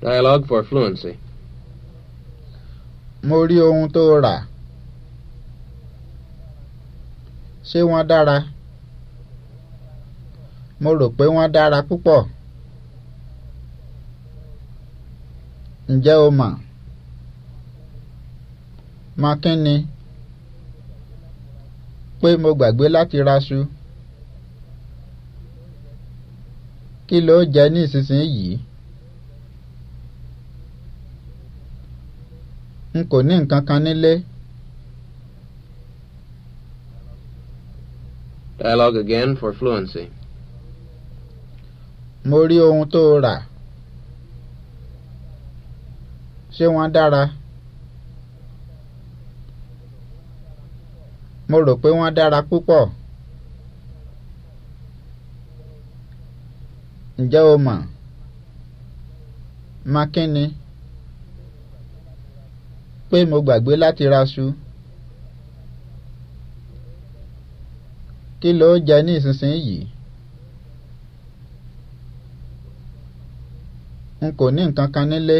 Dialogue for fluency. Mo rí ohun tó rà. Ṣé wọ́n dára? Mo rò pé wọ́n dára púpọ̀. Ǹjẹ́ o mọ̀? Mọ kí ni? Pé mo gbàgbé láti raṣu. Kí ló jẹ ní ìsinsìnyí? n kò ní nǹkan kan nílé. Dialogue again for fluency. Mo rí ohun tó rà. Ṣé wọ́n dára? Mo rò pé wọ́n dára púpọ̀. Ǹjẹ́ o mọ̀? Mákínni. pé mo gbàgbé láti raṣu. kí ló jẹ ní ìsinsìnyí? n kò ní nǹkan kan nílé.